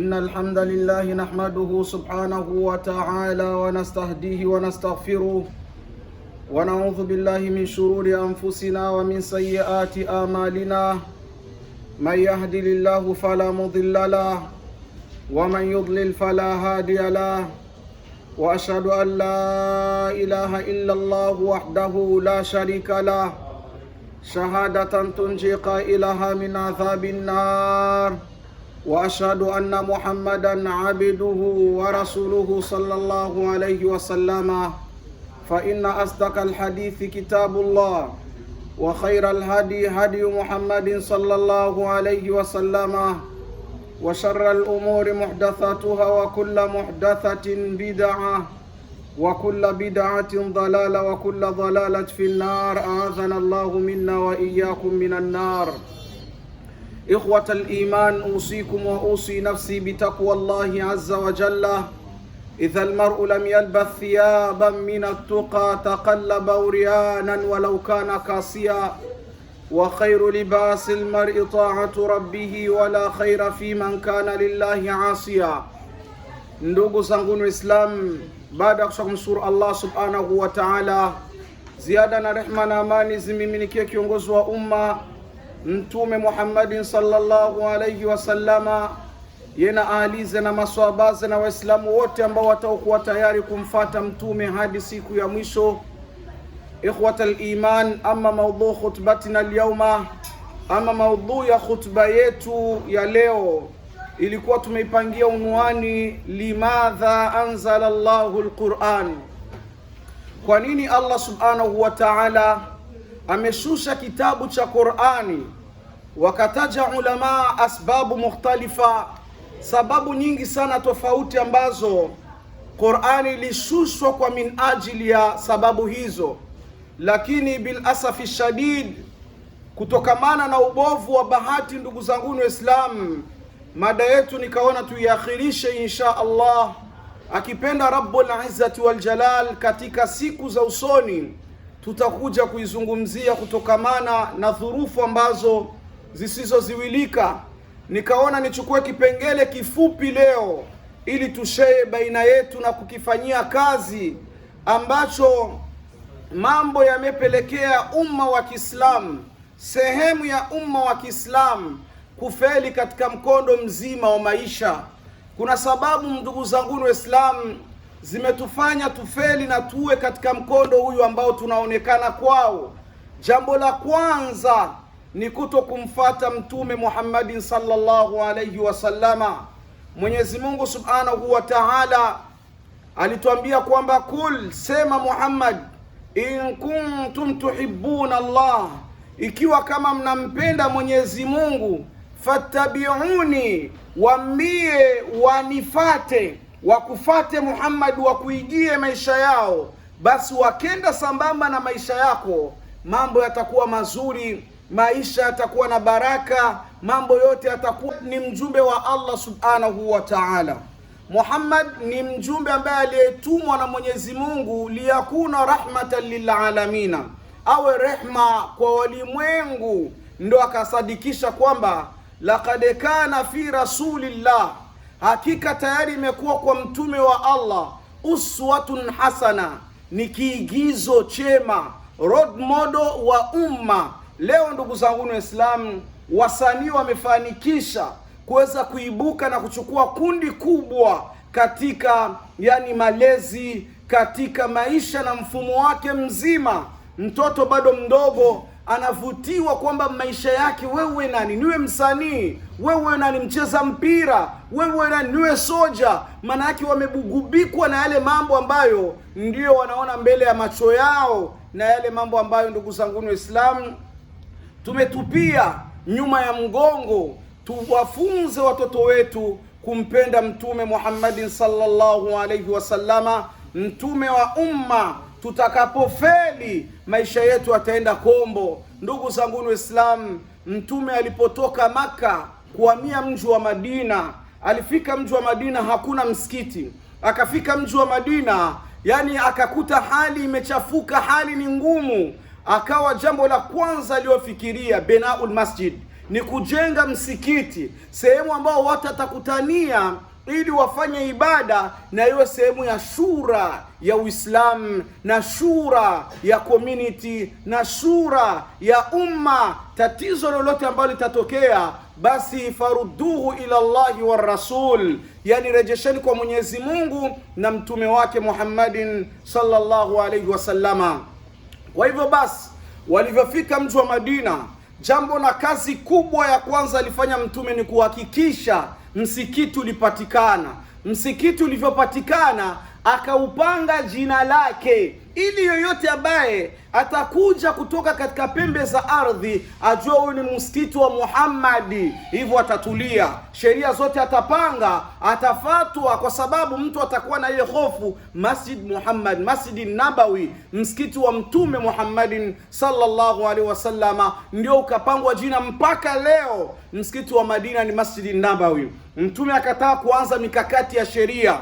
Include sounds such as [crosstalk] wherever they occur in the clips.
إن الحمد لله نحمده سبحانه وتعالى ونستهديه ونستغفره ونعوذ بالله من شرور أنفسنا ومن سيئات آمالنا من يهدي الله فلا مضل له ومن يضلل فلا هادي له وأشهد أن لا إله إلا الله وحده لا شريك له شهادة تنجي قائلها من عذاب النار واشهد ان محمدا عبده ورسوله صلى الله عليه وسلم فان اصدق الحديث كتاب الله وخير الهدي هدي محمد صلى الله عليه وسلم وشر الامور محدثاتها وكل محدثه بدعه وكل بدعه ضلاله وكل ضلاله في النار اعاذنا الله منا واياكم من النار إخوة الإيمان أوصيكم وأوصي نفسي بتقوى الله عز وجل إذا المرء لم يلبث ثيابا من التقى تقلب وريانا ولو كان قاسيا وخير لباس المرء طاعة ربه ولا خير في من كان لله عاصيا ndugu zangu الإسلام بعد ya سور الله سبحانه وتعالى زيادة رحمة na rehma na amani zimiminikie Mtume Muhammadin sallallahu alayhi wasallama yena aalize na maswabaze na Waislamu wote ambao wataokuwa tayari kumfata mtume hadi siku ya mwisho. Ikhwat liman ama maudhu khutbatina lyauma ama maudhu ya khutba yetu ya leo ilikuwa tumeipangia unwani limadha anzala Allahu lquran kwa nini Allah subhanahu wa ta'ala ameshusha kitabu cha Qur'ani, wakataja ulama asbabu mukhtalifa, sababu nyingi sana tofauti ambazo Qur'ani ilishushwa kwa min ajili ya sababu hizo, lakini bil asafi shadid, kutokamana na ubovu wa bahati, ndugu zanguni Islam, mada yetu nikaona tuiakhirishe insha Allah, akipenda Rabbul Izzati wal Jalal katika siku za usoni tutakuja kuizungumzia kutokamana na dhurufu ambazo zisizoziwilika. Nikaona nichukue kipengele kifupi leo ili tushee baina yetu na kukifanyia kazi ambacho mambo yamepelekea umma wa Kiislamu, sehemu ya umma wa Kiislamu kufeli katika mkondo mzima wa maisha. Kuna sababu ndugu zangu Waislamu zimetufanya tufeli na tuwe katika mkondo huyu ambao tunaonekana kwao. Jambo la kwanza ni kuto kumfata Mtume Muhammadin sallallahu alayhi wasallama. Mwenyezi Mungu subhanahu wa taala alituambia kwamba kul, sema Muhammad, in kuntum tuhibbuna Allah, ikiwa kama mnampenda Mwenyezi Mungu, fattabiuni, wambie wanifate wakufate Muhammad, wakuigie maisha yao, basi wakenda sambamba na maisha yako, mambo yatakuwa mazuri, maisha yatakuwa na baraka, mambo yote yatakuwa. Ni mjumbe wa Allah subhanahu wa ta'ala. Muhammad ni mjumbe ambaye aliyetumwa na Mwenyezi Mungu, liyakuna rahmatan lilalamina, awe rehma kwa walimwengu. Ndo akasadikisha kwamba laqad kana fi rasulillah hakika tayari imekuwa kwa mtume wa Allah uswatun hasana, ni kiigizo chema, road model wa umma. Leo ndugu zangu Waislamu, wasanii wamefanikisha kuweza kuibuka na kuchukua kundi kubwa katika yani malezi, katika maisha na mfumo wake mzima. Mtoto bado mdogo anavutiwa kwamba maisha yake, wewe nani? Niwe msanii, wewe nani? Mcheza mpira, wewe nani? Niwe soja. Maana yake wamebugubikwa na yale mambo ambayo ndiyo wanaona mbele ya macho yao, na yale mambo ambayo, ndugu zanguni Waislamu, tumetupia nyuma ya mgongo. Tuwafunze watoto wetu kumpenda Mtume Muhammadin sallallahu alaihi wasallama, mtume wa umma tutakapofeli maisha yetu ataenda kombo. Ndugu zanguni Waislamu, Mtume alipotoka Maka kuhamia mji wa Madina, alifika mji wa Madina hakuna msikiti. Akafika mji wa Madina, yani akakuta hali imechafuka, hali ni ngumu. Akawa jambo la kwanza aliyofikiria binaul masjid, ni kujenga msikiti, sehemu ambao watu atakutania ili wafanye ibada na iwe sehemu ya shura ya Uislamu na shura ya community na shura ya umma. Tatizo lolote ambalo litatokea, basi faruduhu ila Allahi wa rasul, yani rejesheni kwa Mwenyezi Mungu na mtume wake Muhammadin sallallahu alaihi wasallama. Kwa hivyo basi, walivyofika mji wa Madina, jambo na kazi kubwa ya kwanza alifanya mtume ni kuhakikisha msikiti ulipatikana. Msikiti ulivyopatikana akaupanga jina lake ili yoyote ambaye atakuja kutoka katika pembe za ardhi ajue huyu ni msikiti wa Muhammadi, hivyo atatulia. Sheria zote atapanga, atafatwa, kwa sababu mtu atakuwa na ile hofu. Masjid Muhammad, Masjid Nabawi, msikiti wa Mtume Muhammadin sallallahu alaihi wasallama, ndio ukapangwa jina mpaka leo. Msikiti wa Madina ni Masjid Nabawi. Mtume akataa kuanza mikakati ya sheria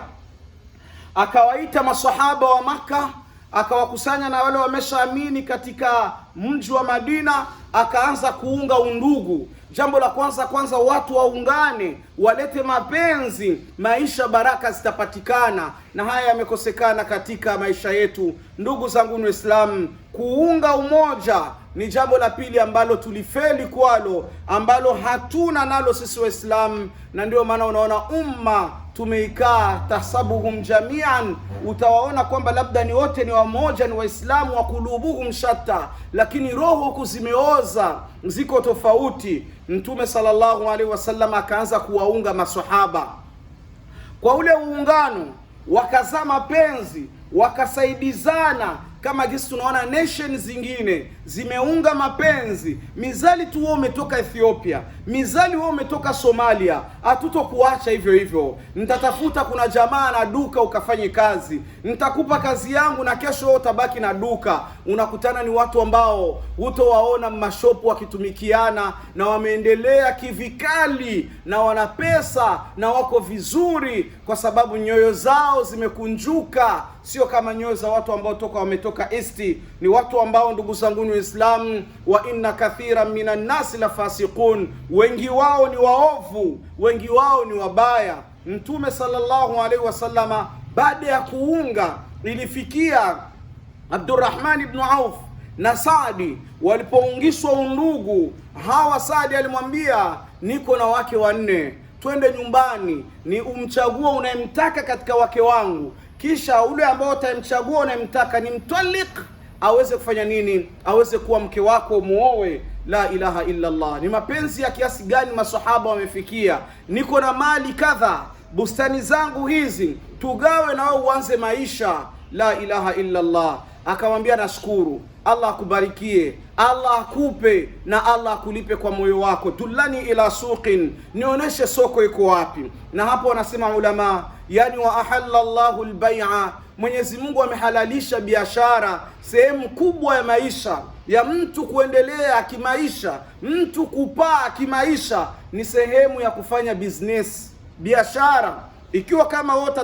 akawaita masahaba wa Maka akawakusanya na wale wameshaamini katika mji wa Madina, akaanza kuunga undugu. Jambo la kwanza kwanza, watu waungane, walete mapenzi, maisha baraka zitapatikana, na haya yamekosekana katika maisha yetu. Ndugu zangu Waislamu, kuunga umoja ni jambo la pili ambalo tulifeli kwalo, ambalo hatuna nalo sisi Waislamu, na ndio maana unaona umma tumeikaa tahsabuhum jamian, utawaona kwamba labda ni wote ni wamoja, ni Waislamu wa kulubuhum shatta, lakini roho huku zimeoza, ziko tofauti. Mtume sallallahu alaihi wasallam akaanza kuwaunga masahaba kwa ule uungano, wakazaa mapenzi, wakasaidizana kama jinsi tunaona nation zingine zimeunga mapenzi. Mizali tu wewe umetoka Ethiopia, mizali wewe umetoka Somalia, hatutokuacha hivyo hivyo. Nitatafuta kuna jamaa na duka ukafanye kazi, nitakupa kazi yangu na kesho wewe utabaki na duka. Unakutana ni watu ambao hutowaona mashopu wakitumikiana, na wameendelea kivikali, na wana pesa na wako vizuri, kwa sababu nyoyo zao zimekunjuka, sio kama nyoyo za watu ambao toka wametoka isti. Ni watu ambao ndugu zangu alislam wa inna kathira minan nasi la fasiqun, wengi wao ni waovu, wengi wao ni wabaya. Mtume sallallahu alaihi wasallama baada ya kuunga ilifikia Abdurrahman ibn Auf na Saadi walipoungishwa undugu. Hawa Saadi alimwambia niko na wake wanne, twende nyumbani ni umchagua unayemtaka katika wake wangu, kisha ule ambao utamchagua unayemtaka ni mtalik aweze kufanya nini? Aweze kuwa mke wako, muoe. La ilaha illa Allah. Ni mapenzi ya kiasi gani masahaba wamefikia? Niko na mali kadha, bustani zangu hizi, tugawe na wao uanze maisha. La ilaha illa Allah. Akawambia, nashukuru Allah akubarikie, Allah akupe na Allah akulipe kwa moyo wako. Dullani ila suqin, nionyeshe soko iko wapi. Na hapo wanasema ulama, yani wa ahalla llahu lbaia, Mwenyezi Mungu amehalalisha biashara, sehemu kubwa ya maisha ya mtu kuendelea kimaisha, mtu kupaa kimaisha ni sehemu ya kufanya business, biashara. Ikiwa kama wote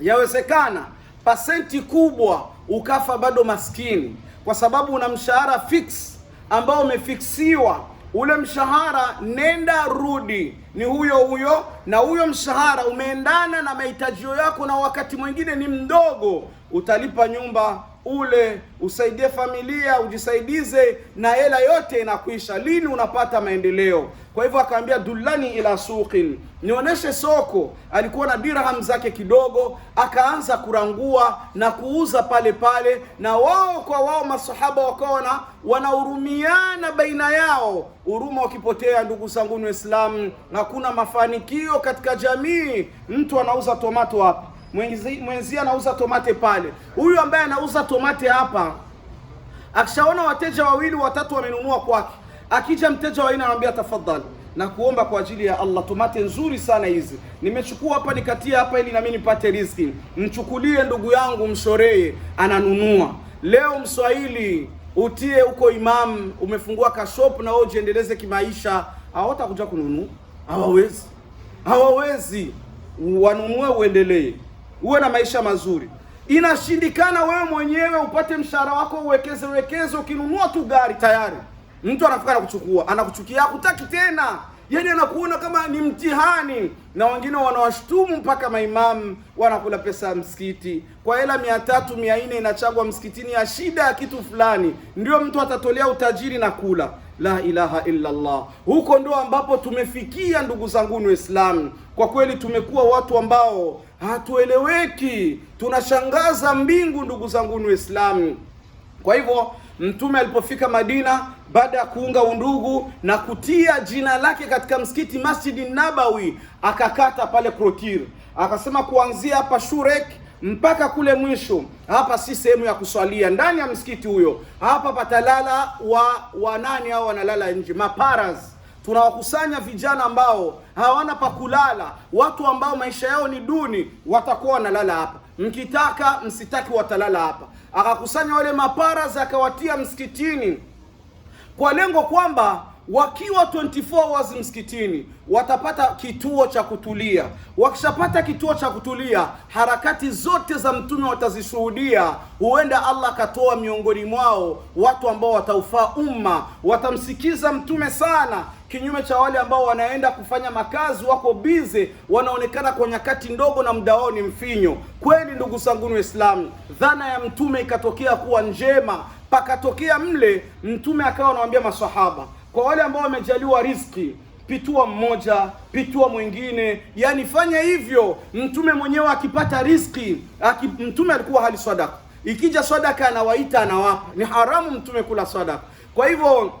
yawezekana pasenti kubwa ukafa bado maskini, kwa sababu una mshahara fix ambao umefiksiwa. Ule mshahara nenda rudi ni huyo huyo, na huyo mshahara umeendana na mahitaji yako, na wakati mwingine ni mdogo. Utalipa nyumba ule, usaidie familia, ujisaidize, na hela yote inakwisha. Lini unapata maendeleo? Kwa hivyo akaambia, dullani ila suqin, nionyeshe soko. Alikuwa na dirham zake kidogo, akaanza kurangua na kuuza pale pale, na wao kwa wao masahaba wakaona wanahurumiana baina yao. Huruma ukipotea, ndugu zangu Waislamu, hakuna mafanikio katika jamii. Mtu anauza tomato hapa mwenzie anauza tomate pale, huyu ambaye anauza tomate hapa akishaona wateja wawili watatu wamenunua kwake, akija mteja wa nne anamwambia tafadhali na kuomba kwa ajili ya Allah, tomate nzuri sana hizi nimechukua hapa nikatia hapa ili nami nipate riziki, mchukulie ndugu yangu, mshoree. Ananunua leo. Mswahili utie huko Imam, umefungua kashop na wewe ujiendeleze kimaisha, hawatakuja kununua, hawawezi, hawawezi, wanunue uendelee uwe na maisha mazuri. Inashindikana wewe mwenyewe upate mshahara wako uwekeze uwekeze. ukinunua tu gari tayari mtu anafika na kuchukua, anakuchukia, hakutaki tena, yani anakuona kama ni mtihani. Na wengine wanawashtumu mpaka maimamu wanakula pesa ya msikiti kwa hela mia tatu mia nne inachagwa msikitini ya shida ya kitu fulani, ndio mtu atatolea utajiri na kula la ilaha illa Allah. Huko ndo ambapo tumefikia ndugu ni Waislamu. Kwa kweli tumekuwa watu ambao hatueleweki, tunashangaza mbingu ndugu ni Waislamu. Kwa hivyo Mtume alipofika Madina baada ya kuunga undugu na kutia jina lake katika msikiti Masjidi Nabawi, akakata pale krotir akasema kuanzia hapa Shurek mpaka kule mwisho. Hapa si sehemu ya kuswalia ndani ya msikiti huyo, hapa patalala wa wa nani hao, wanalala nje maparas tunawakusanya vijana ambao hawana pa kulala, watu ambao maisha yao ni duni, watakuwa wanalala hapa. Mkitaka msitaki, watalala hapa. Akakusanya wale maparas akawatia msikitini kwa lengo kwamba wakiwa 24 hours msikitini watapata kituo cha kutulia. Wakishapata kituo cha kutulia, harakati zote za mtume watazishuhudia. Huenda Allah akatoa miongoni mwao watu ambao wataufaa umma, watamsikiza mtume sana, kinyume cha wale ambao wanaenda kufanya makazi, wako bize, wanaonekana kwa nyakati ndogo na muda wao ni mfinyo. Kweli ndugu zangu Waislamu, dhana ya mtume ikatokea kuwa njema, pakatokea mle mtume akawa anawaambia maswahaba kwa wale ambao wamejaliwa riski pitua mmoja, pitua mwingine, yani fanya hivyo. Mtume mwenyewe akipata riski aki, mtume alikuwa hali sadaka, ikija sadaka anawaita anawapa, ni haramu mtume kula sadaka. Kwa hivyo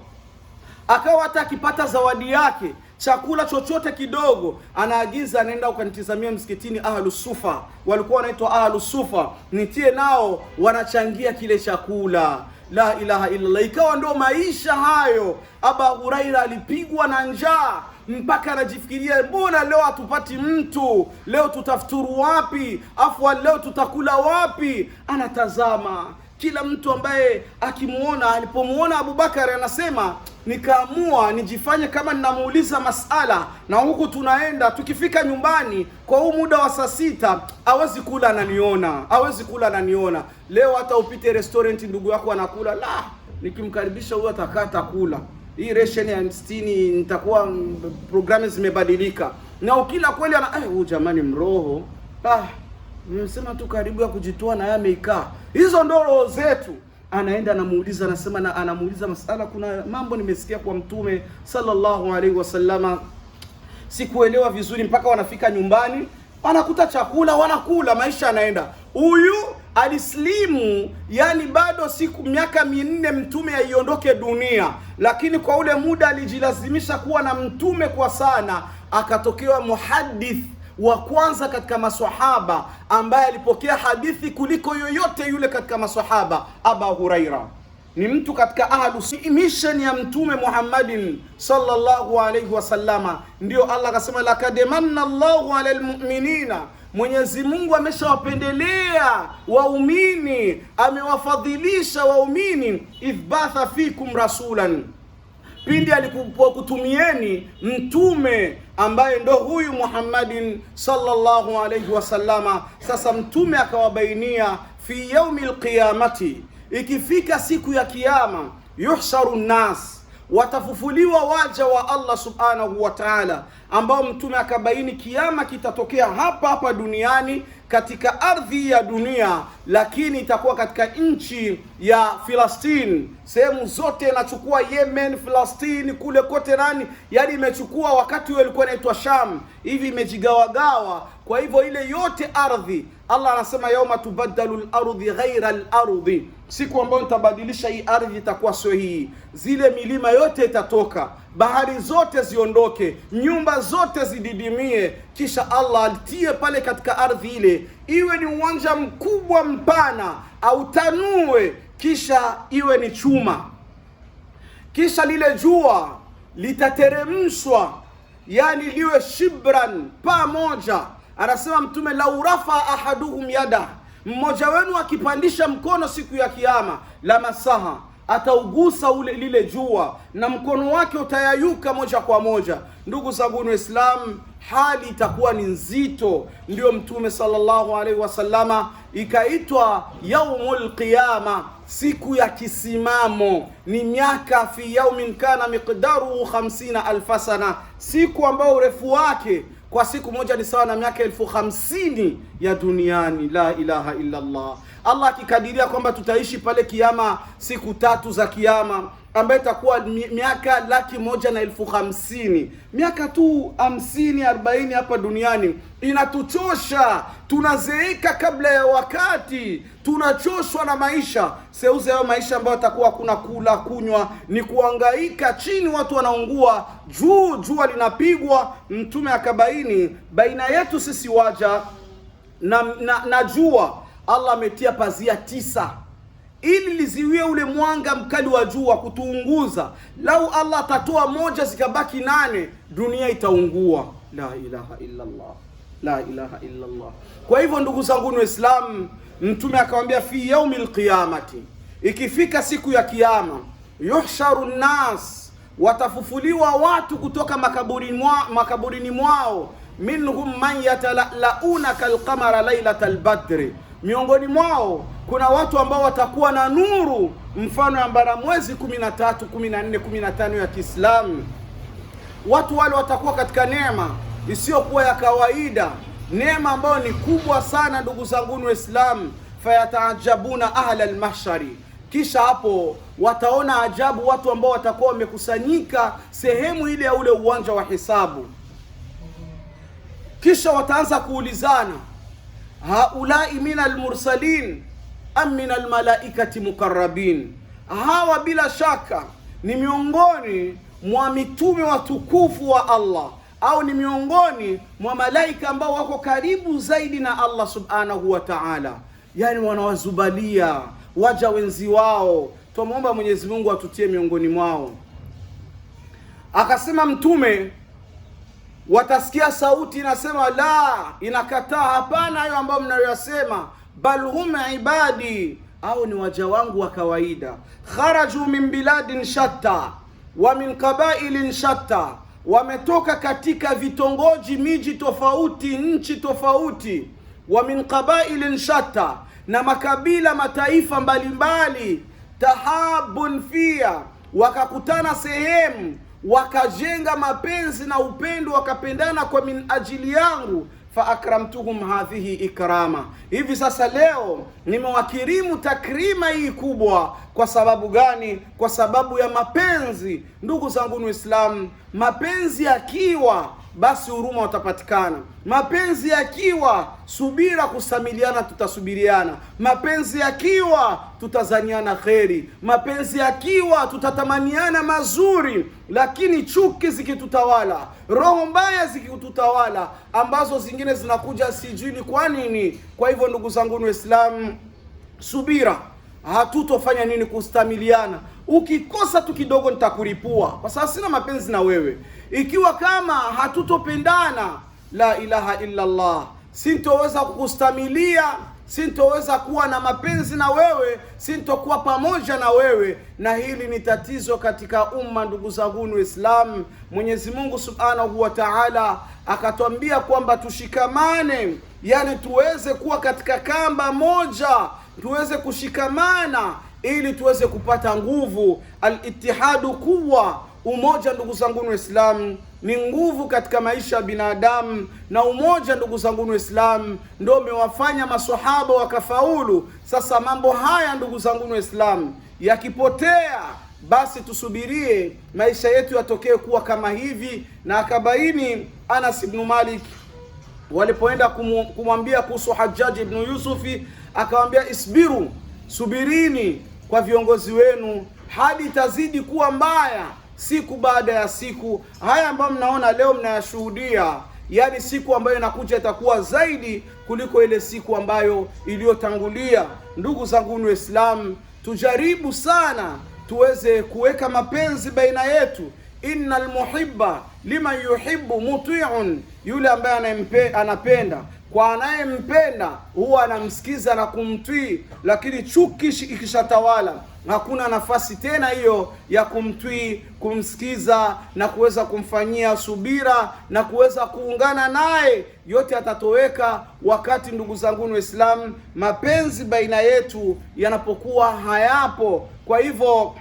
akawa hata akipata zawadi yake chakula chochote kidogo, anaagiza anaenda, ukanitizamia msikitini Ahlu Sufa, walikuwa wanaitwa Ahlu Sufa, nitie nao wanachangia kile chakula la ilaha illallah. Ikawa ndo maisha hayo. Aba Huraira alipigwa na njaa mpaka anajifikiria, mbona leo hatupati mtu? Leo tutafuturu wapi? afu leo tutakula wapi? Anatazama kila mtu ambaye akimwona, alipomwona Abubakari anasema nikaamua nijifanye kama ninamuuliza masala, na huku tunaenda tukifika nyumbani kwa huu muda wa saa sita, awezi kula ananiona, awezi kula ananiona. Leo hata upite restaurant, ndugu yako anakula, la, nikimkaribisha huyo atakaa atakula. Hii ration ya sitini nitakuwa programu zimebadilika, na ukila kweli ana eh, huyu jamani mroho ah nimesema tu karibu ya kujitoa na yeye ameikaa. Hizo ndo roho zetu. Anaenda anamuuliza, anasema na anamuuliza masala. Kuna mambo nimesikia kwa Mtume sallallahu alaihi wasallama, sikuelewa vizuri, mpaka wanafika nyumbani wanakuta chakula wanakula, maisha anaenda. Huyu alislimu, yani bado siku miaka minne mtume aiondoke dunia, lakini kwa ule muda alijilazimisha kuwa na mtume kwa sana, akatokewa muhadith wa kwanza katika maswahaba ambaye alipokea hadithi kuliko yoyote yule katika maswahaba, Aba Huraira ni mtu katika ahlu mission ya Mtume Muhammadin sallallahu alayhi wasallama. Ndiyo Allah akasema, lakad manna Allahu ala almu'minina, Mwenyezi Mungu ameshawapendelea waumini, amewafadhilisha waumini, ithbatha fikum rasulan pindi alipokutumieni mtume ambaye ndo huyu Muhammadin sallallahu alayhi wasallama. Sasa mtume akawabainia fi yaumi lqiyamati, ikifika siku ya Kiyama, yuhsharu nnas, watafufuliwa waja wa Allah subhanahu wa taala, ambao mtume akabaini kiama kitatokea hapa hapa duniani katika ardhi ya dunia, lakini itakuwa katika nchi ya Filastini. Sehemu zote inachukua Yemen, Filastini kule kote nani, yaani imechukua wakati huo ilikuwa inaitwa Sham, hivi imejigawagawa. Kwa hivyo ile yote ardhi Allah anasema yauma tubaddalu lardhi ghaira lardhi, siku ambayo nitabadilisha hii ardhi itakuwa sio hii. Zile milima yote itatoka, bahari zote ziondoke, nyumba zote zididimie, kisha Allah alitie pale katika ardhi ile iwe ni uwanja mkubwa mpana, autanue, kisha iwe ni chuma, kisha lile jua litateremshwa, yani liwe shibran pamoja Anasema Mtume, lau rafa ahaduhum yada, mmoja wenu akipandisha mkono siku ya kiama la masaha ataugusa ule lile jua na mkono wake utayayuka moja kwa moja. Ndugu zangu Waislamu, hali itakuwa ni nzito. Ndiyo Mtume sallallahu alaihi wasallama ikaitwa yaumul qiyama, siku ya kisimamo. Ni miaka fi yaumin kana miqdaruhu 50 alfasana, siku ambayo urefu wake kwa siku moja ni sawa na miaka elfu hamsini ya duniani. La ilaha illa Allah. Allah akikadiria kwamba tutaishi pale kiama siku tatu za kiama ambaye itakuwa miaka laki moja na elfu hamsini miaka tu hamsini arobaini hapa duniani inatuchosha. Tunazeeka kabla ya wakati, tunachoshwa na maisha. Seuze hayo maisha ambayo atakuwa hakuna kula kunywa, ni kuangaika chini, watu wanaungua juu, jua linapigwa. Mtume akabaini baina yetu sisi waja na, na, na jua. Allah ametia pazia tisa ili liziwie ule mwanga mkali wa jua kutuunguza. Lau Allah atatoa moja zikabaki nane, dunia itaungua. La ilaha illa Allah, la ilaha illa Allah. Kwa hivyo ndugu zangu Waislamu, Mtume akamwambia fi yaumil qiyamati, ikifika siku ya Kiyama, yuhsharu nnas, watafufuliwa watu kutoka makaburini mwao, makaburini mwao minhum man yatalauna kalqamara lailata lbadri, miongoni mwao kuna watu ambao watakuwa na nuru mfano ya mbaramwezi 13, 14, 15 ya Kiislamu. Watu wale watakuwa katika neema isiyokuwa ya kawaida, neema ambayo ni kubwa sana, ndugu wa Waislamu. Fayataajabuna ahla almashari, kisha hapo wataona ajabu watu ambao watakuwa wamekusanyika sehemu ile ya ule uwanja wa hisabu, kisha wataanza kuulizana haulai min almursalin am min almalaikati mukarrabin, hawa bila shaka ni miongoni mwa mitume watukufu wa Allah au ni miongoni mwa malaika ambao wako karibu zaidi na Allah subhanahu wa ta'ala, yani wanawazubalia waja wenzi wao. Twamwomba Mwenyezi Mungu atutie miongoni mwao. Akasema Mtume, watasikia sauti inasema la, inakataa hapana hayo ambayo mnayoyasema bal hum ibadi, au ni waja wangu wa kawaida. Kharaju min biladin shatta wa min qabailin shatta, wametoka katika vitongoji, miji tofauti, nchi tofauti. Wa min qabailin shatta, na makabila mataifa mbalimbali. Tahabun fia, wakakutana sehemu wakajenga mapenzi na upendo, wakapendana kwa min ajili yangu fa akramtuhum hadhihi ikrama. Hivi sasa leo nimewakirimu takrima hii kubwa. Kwa sababu gani? Kwa sababu ya mapenzi. Ndugu zangu Waislamu, mapenzi yakiwa basi huruma utapatikana. Mapenzi yakiwa, subira kusamiliana, tutasubiriana. Mapenzi yakiwa, tutazaniana kheri. Mapenzi yakiwa, tutatamaniana mazuri. Lakini chuki zikitutawala, roho mbaya zikitutawala, ambazo zingine zinakuja sijui ni kwa nini. Kwa hivyo, ndugu zangu Waislamu, subira, hatutofanya nini? Kustamiliana ukikosa tu kidogo nitakulipua, kwa sababu sina mapenzi na wewe. Ikiwa kama hatutopendana, la ilaha illa Allah, sintoweza kukustamilia, sintoweza kuwa na mapenzi na wewe, sintokuwa pamoja na wewe. Na hili ni tatizo katika umma, ndugu zanguni Islam. Mwenyezi Mungu subhanahu wa taala akatwambia kwamba tushikamane, yani tuweze kuwa katika kamba moja, tuweze kushikamana ili tuweze kupata nguvu. Alitihadu kuwa umoja, ndugu zangu Waislamu, ni nguvu katika maisha ya binadamu, na umoja, ndugu zangu Waislamu, ndio umewafanya maswahaba wakafaulu. Sasa mambo haya, ndugu zangu Waislamu, yakipotea basi tusubirie maisha yetu yatokee kuwa kama hivi. Na akabaini Anas ibn Malik walipoenda kumwambia kuhusu Hajjaj ibn Yusufi, akawambia isbiru, subirini kwa viongozi wenu, hadi itazidi kuwa mbaya siku baada ya siku. Haya ambayo mnaona leo mnayashuhudia, yani siku ambayo inakuja itakuwa zaidi kuliko ile siku ambayo iliyotangulia. Ndugu zangu ni Waislamu, tujaribu sana tuweze kuweka mapenzi baina yetu. Innal muhibba liman yuhibbu mutiun, yule ambaye anapenda kwa anayempenda huwa anamsikiza na kumtwii, lakini chuki ikishatawala hakuna nafasi tena hiyo ya kumtwii, kumsikiza na kuweza kumfanyia subira na kuweza kuungana naye, yote atatoweka. Wakati ndugu zangu Waislamu, mapenzi baina yetu yanapokuwa hayapo. Kwa hivyo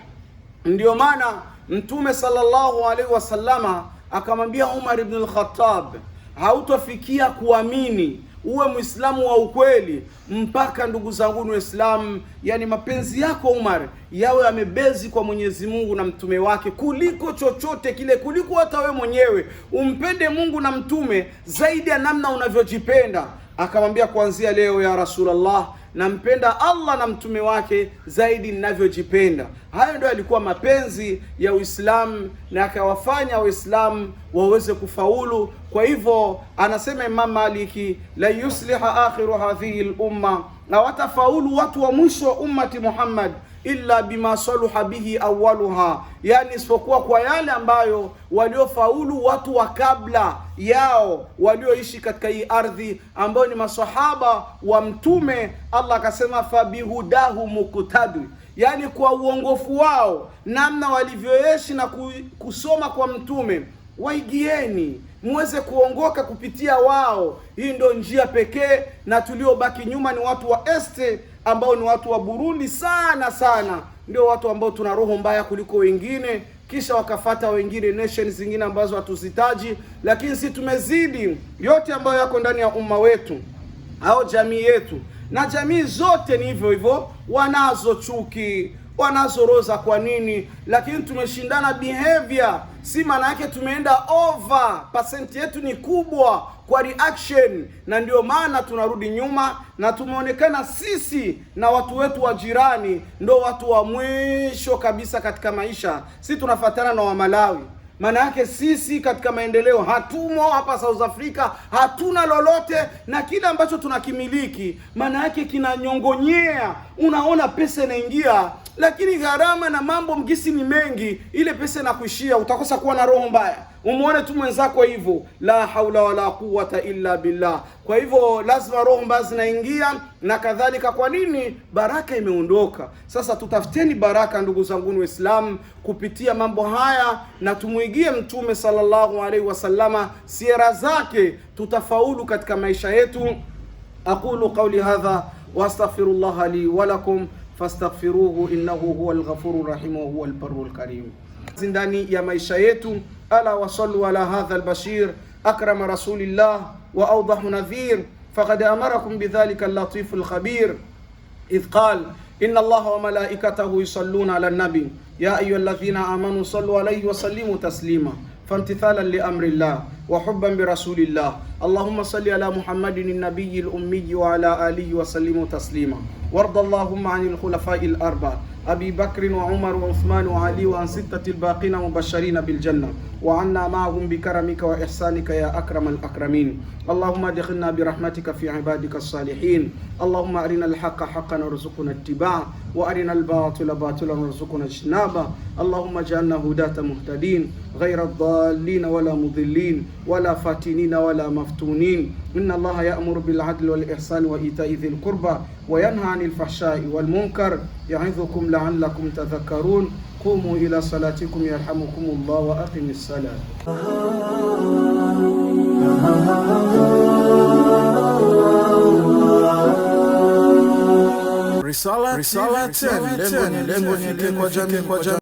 ndiyo maana Mtume sallallahu alaihi wasallama akamwambia Umar ibn al-Khattab hautofikia kuamini uwe Mwislamu wa ukweli mpaka, ndugu zangu Waislamu, yani mapenzi yako Umar yawe yamebezi kwa Mwenyezi Mungu na mtume wake kuliko chochote kile, kuliko hata wewe mwenyewe. Umpende Mungu na mtume zaidi ya namna unavyojipenda akamwambia, kuanzia leo ya Rasulullah, nampenda Allah na mtume wake zaidi ninavyojipenda. Hayo ndio yalikuwa mapenzi ya Uislamu na akawafanya Waislamu waweze kufaulu. Kwa hivyo anasema Imam Maliki, la yusliha akhiru hadhihi lumma, na watafaulu watu wa mwisho wa ummati Muhammad illa bima saluha bihi awwaluha, yani isipokuwa kwa yale ambayo waliofaulu watu wa kabla yao walioishi katika hii ardhi ambayo ni masahaba wa Mtume. Allah akasema fabihudahu muktadu, yani kwa uongofu wao namna walivyoishi na kusoma kwa Mtume waigieni muweze kuongoka kupitia wao. Hii ndio njia pekee, na tuliobaki nyuma ni watu wa este ambao ni watu wa Burundi sana sana, ndio watu ambao tuna roho mbaya kuliko wengine, kisha wakafata wengine nation zingine ambazo hatuzitaji, lakini si tumezidi yote ambayo yako ndani ya umma wetu au jamii yetu, na jamii zote ni hivyo hivyo, wanazo chuki wanazoroza kwa nini? Lakini tumeshindana behavior, si maana yake tumeenda over, percent yetu ni kubwa kwa reaction, na ndio maana tunarudi nyuma na tumeonekana sisi na watu wetu wa jirani ndo watu wa mwisho kabisa katika maisha. Si tunafatana na Wamalawi. Maana yake sisi katika maendeleo hatumo hapa South Africa, hatuna lolote, na kile ambacho tunakimiliki maana yake kinanyongonyea. Unaona pesa inaingia, lakini gharama na mambo mgisi ni mengi, ile pesa inakuishia, utakosa kuwa na roho mbaya umwone tu mwenzako hivyo, la haula wala quwata illa billah. Kwa hivyo lazima roho mbaya zinaingia na kadhalika. Kwa nini? Baraka imeondoka. Sasa tutafuteni baraka, ndugu zangu Waislamu, kupitia mambo haya na tumwigie Mtume sallallahu alaihi wasallama siera zake, tutafaulu katika maisha yetu. Aqulu qawli hadha wastaghfirullaha li wa lakum fastaghfiruhu innahu huwal ghafurur rahim wa huwal barrul karim. Zindani ya maisha yetu ألا وصلوا على هذا البشير أكرم رسول الله وأوضح نذير فقد أمركم بذلك اللطيف الخبير إذ قال إن الله وملائكته يصلون على النبي يا أيها الذين آمنوا صلوا عليه وسلموا تسليما فامتثالا لأمر الله وحبا برسول الله اللهم صل على محمد النبي الأمي وعلى آله وسلم تسليما وارض اللهم عن الخلفاء الأربعة أبي بكر وعمر وعثمان وعلي وعن ستة الباقين مبشرين بالجنة وعنا معهم بكرمك وإحسانك يا أكرم الأكرمين اللهم ادخلنا برحمتك في عبادك الصالحين اللهم أرنا الحق حقا وارزقنا اتباعه وأرنا الباطل باطلا وارزقنا اجتنابه اللهم اجعلنا هداة مهتدين غير الضالين ولا مضلين ولا فاتنين ولا مفتونين إن الله يأمر بالعدل والإحسان وإيتاء ذي القربى وينهى عن الفحشاء والمنكر يعظكم لعلكم تذكرون قوموا إلى صلاتكم يرحمكم الله وأقم الصلاة [laughs] risala, risala tende, lengo ni lengo ifike kwa jamii.